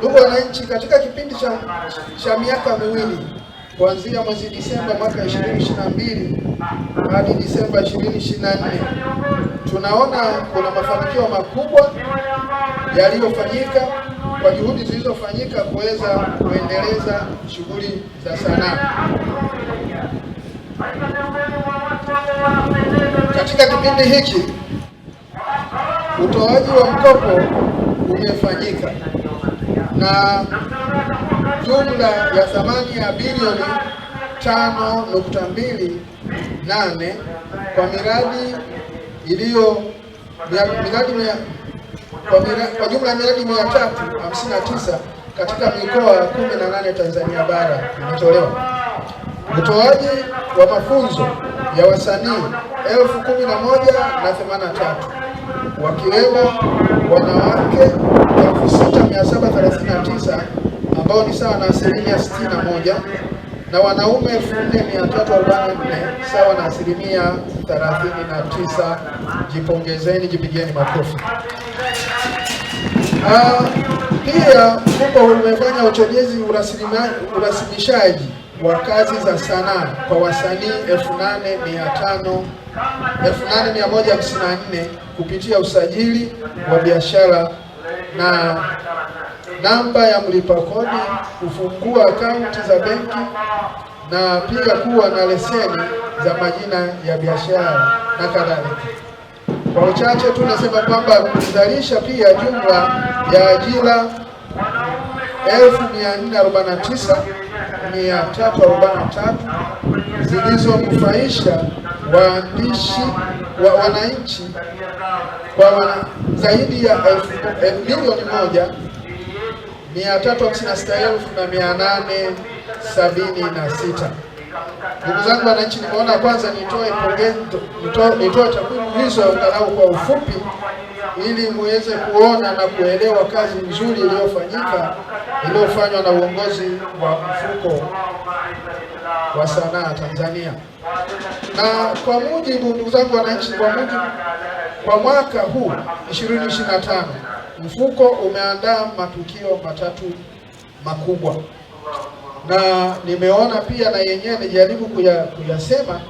Ndugu wananchi, katika kipindi cha, cha miaka miwili kuanzia mwezi Disemba mwaka 2022 hadi Disemba 2024 tunaona kuna mafanikio makubwa yaliyofanyika kwa juhudi zilizofanyika kuweza kuendeleza shughuli za sanaa. Katika kipindi hiki utoaji wa mkopo umefanyika na jumla ya thamani ya bilioni nane kwa miradi iliyo miradi mia, kwa, mira, kwa jumla ya miradi tisa katika mikoa ya 18 Tanzania bara imetolewa. Utoaji wa mafunzo ya wasanii elfu kumi na moja na themanini na tatu wakiwemo wanawake 6739 ambao ni sawa na asilimia 61 na wanaume 4344 sawa na asilimia 39. Jipongezeni, jipigeni makofi. Ah, pia mfuko umefanya uchojezi urasimishaji wa kazi za sanaa kwa wasanii 8154 kupitia usajili wa biashara na namba ya mlipa kodi, kufungua akaunti za benki na pia kuwa na leseni za majina ya biashara na kadhalika. Kwa uchache tu nasema kwamba kuzalisha pia jumla ya ajira 1449 mia tatu chapa na zilizonufaisha waandishi wa wananchi kwa wana, zaidi ya eh, milioni moja mia tatu hamsini na sita elfu na mia nane sabini na sita. Ndugu zangu wananchi, nimeona kwanza nitoe nitoe takwimu hizo angalau kwa ufupi ili muweze kuona na kuelewa kazi nzuri iliyofanyika iliyofanywa na uongozi wa mfuko wa sanaa Tanzania. Na kwa mujibu, ndugu zangu wananchi, kwa mujibu, kwa mwaka huu 2025 mfuko umeandaa matukio matatu makubwa, na nimeona pia na yenyewe nijaribu kuyasema kuya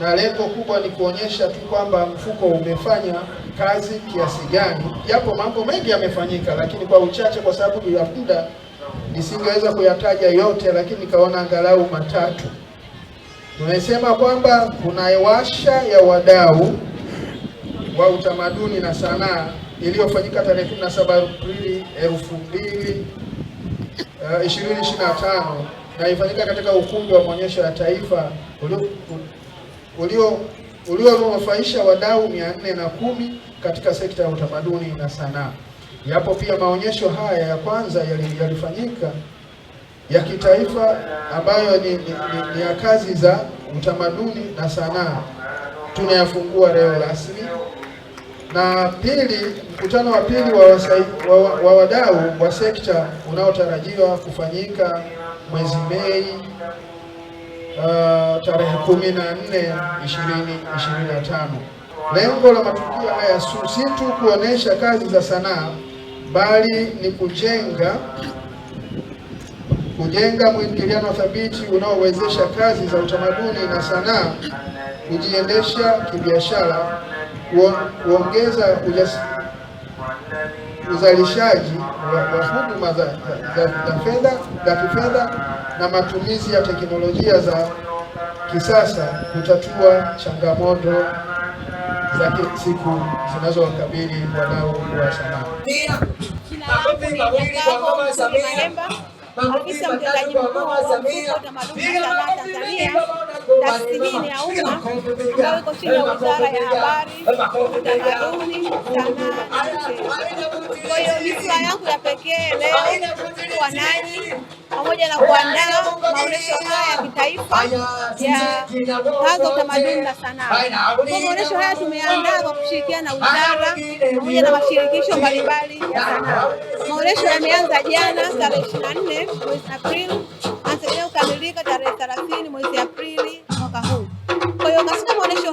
na lengo kubwa ni kuonyesha tu kwamba mfuko umefanya kazi kiasi gani, japo mambo mengi yamefanyika, lakini kwa uchache, kwa sababu ya muda nisingeweza kuyataja yote, lakini nikaona angalau matatu. Tumesema kwamba kuna washa ya wadau wa utamaduni na sanaa iliyofanyika tarehe 17 Aprili 2025 eh, na ifanyika katika ukumbi wa maonyesho ya taifa ulionufaisha wadau mia nne na kumi katika sekta ya utamaduni na sanaa. Yapo pia maonyesho haya ya kwanza yalifanyika ya kitaifa ambayo ni, ni, ni, ni ya kazi za utamaduni na sanaa tunayafungua leo rasmi, na pili, mkutano wa pili wa, wa, wa wadau wa sekta unaotarajiwa kufanyika mwezi Mei uh, tarehe kumi na nne ishirini ishirini na tano. Lengo la matukio haya si tu kuonesha kazi za sanaa bali ni kujenga kujenga mwingiliano thabiti unaowezesha kazi za utamaduni na sanaa kujiendesha kibiashara, kuongeza uzalishaji wa huduma za, za, za fedha za kifedha na matumizi ya teknolojia za kisasa kutatua changamoto za siku zinazowakabili wadau wa sanaa. Afisa mtendaji mkuu wa Utamaduni Sanaa Tanzania taasisi ya umma ambayo iko chini ya Wizara ya Habari, Utamaduni, Sanaa na Michezo. Kwa hiyo ni furaha yangu ya pekee leo kuwa nanyi pamoja na kuandaa maonesho haya ya kitaifa ya kazi za utamaduni na sanaa. Kwa maonesho haya tumeandaa kwa kushirikiana na wizara pamoja na mashirikisho mbalimbali ya sanaa. Maonesho yameanza jana tarehe 24 mwezi Aprili, anategemea kukamilika tarehe 30 mwezi Aprili. unas memorias yo